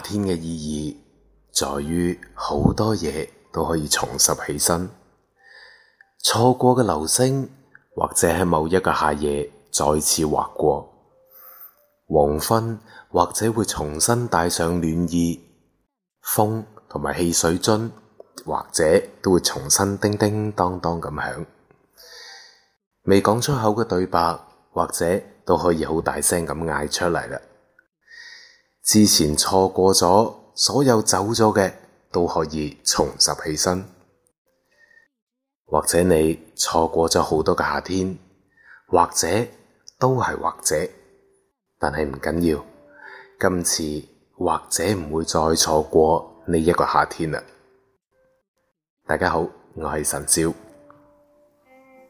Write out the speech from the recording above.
夏天嘅意義在於好多嘢都可以重拾起身，錯過嘅流星或者喺某一個夏夜再次劃過，黃昏或者會重新帶上暖意，風同埋汽水樽或者都會重新叮叮當當咁響，未講出口嘅對白或者都可以好大聲咁嗌出嚟啦。之前錯過咗所有走咗嘅，都可以重拾起身。或者你錯過咗好多個夏天，或者都係或者，但係唔緊要。今次或者唔會再錯過呢一個夏天啦。大家好，我係神少。